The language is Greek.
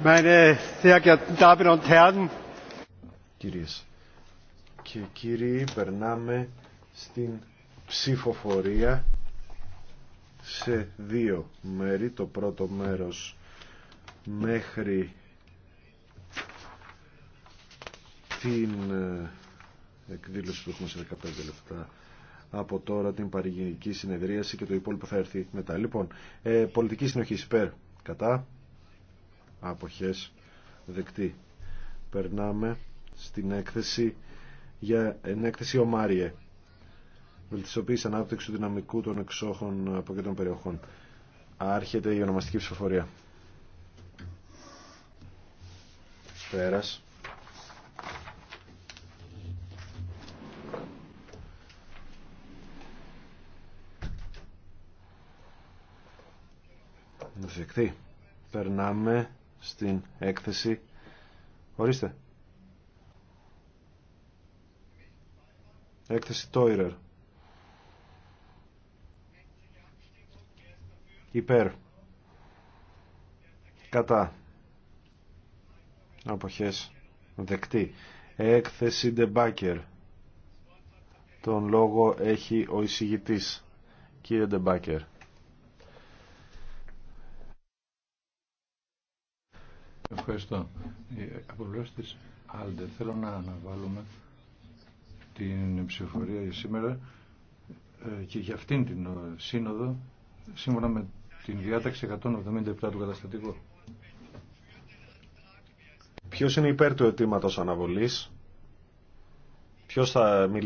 Meine sehr geehrten Damen und Herren. Κυρίες και κύριοι, περνάμε στην ψηφοφορία σε δύο μέρη. Το πρώτο μέρος μέχρι την ε, εκδήλωση που έχουμε σε 15 λεπτά από τώρα την παρηγενική συνεδρίαση και το υπόλοιπο θα έρθει μετά. Λοιπόν, ε, πολιτική συνοχή υπέρ κατά αποχές δεκτή. Περνάμε στην έκθεση για την έκθεση Μάριε. βελτιστοποίηση ανάπτυξη του δυναμικού των εξόχων από και των περιοχών. Άρχεται η ονομαστική ψηφοφορία. Πέρας. Δεκτή. Περνάμε στην έκθεση. Ορίστε. Έκθεση Τόιρερ. Υπέρ. Κατά. Αποχές. Δεκτή. Έκθεση Ντεμπάκερ. Τον λόγο έχει ο εισηγητής. Κύριε Ντεμπάκερ. Ευχαριστώ. Ε, από πλευρά τη Άλντε θέλω να αναβάλουμε την ψηφοφορία για σήμερα ε, και για αυτήν την ε, σύνοδο σύμφωνα με την διάταξη 177 του καταστατικού. Ποιος είναι υπέρ του αιτήματος αναβολής, ποιος θα μιλήσει.